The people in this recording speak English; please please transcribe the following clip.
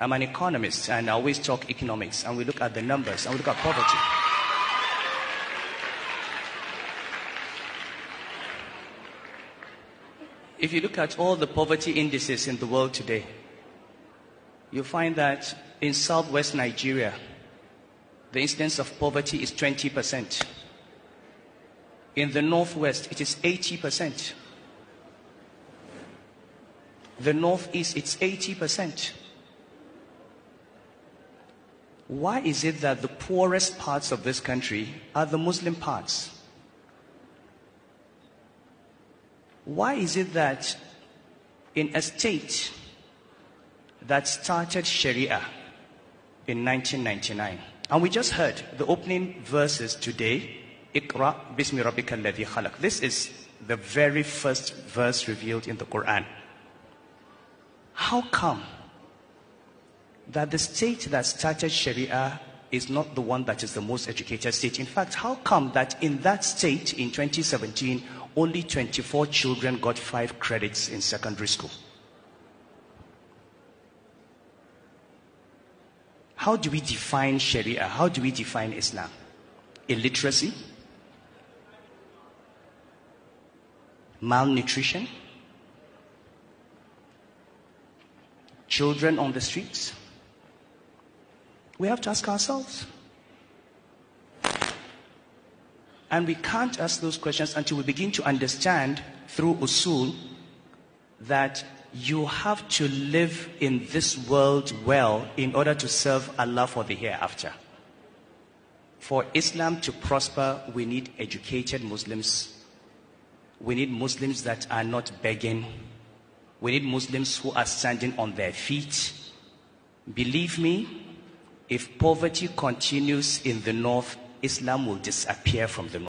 I'm an economist and I always talk economics and we look at the numbers and we look at poverty. If you look at all the poverty indices in the world today, you find that in southwest Nigeria, the incidence of poverty is 20%. In the northwest, it is 80%. The northeast, it's 80% why is it that the poorest parts of this country are the Muslim parts? Why is it that in a state that started Sharia in 1999, and we just heard the opening verses today, Iqra bismi rabbika alladhi khalaq. This is the very first verse revealed in the Quran. How come that the state that started Sharia is not the one that is the most educated state. In fact, how come that in that state in 2017, only 24 children got five credits in secondary school? How do we define Sharia? How do we define Islam? Illiteracy? Malnutrition? Children on the streets? We have to ask ourselves. And we can't ask those questions until we begin to understand through usul that you have to live in this world well in order to serve Allah for the hereafter. For Islam to prosper, we need educated Muslims. We need Muslims that are not begging. We need Muslims who are standing on their feet. Believe me, if poverty continues in the north, Islam will disappear from the north.